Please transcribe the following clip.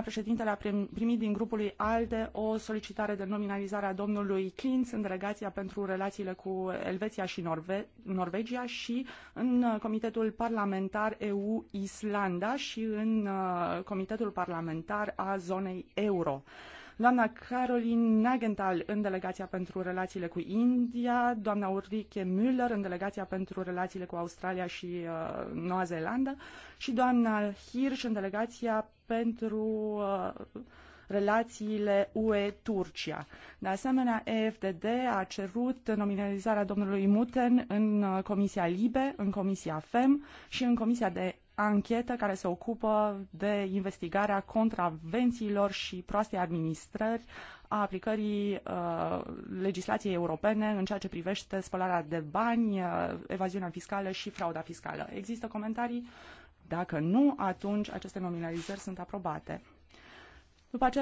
Președintele a primit din grupul ALDE o solicitare de nominalizare a domnului Klintz în delegația pentru relațiile cu Elveția și Norve- Norvegia și în uh, Comitetul Parlamentar EU-Islanda și în uh, Comitetul Parlamentar a Zonei Euro doamna Caroline Nagenthal în delegația pentru relațiile cu India, doamna Ulrike Müller în delegația pentru relațiile cu Australia și uh, Noua Zeelandă și doamna Hirsch în delegația pentru uh, relațiile UE-Turcia. De asemenea, EFDD a cerut nominalizarea domnului Muten în uh, Comisia Libe, în Comisia FEM și în Comisia de anchetă care se ocupă de investigarea contravențiilor și proastei administrări a aplicării uh, legislației europene în ceea ce privește spălarea de bani, uh, evaziunea fiscală și frauda fiscală. Există comentarii? Dacă nu, atunci aceste nominalizări sunt aprobate. După aceea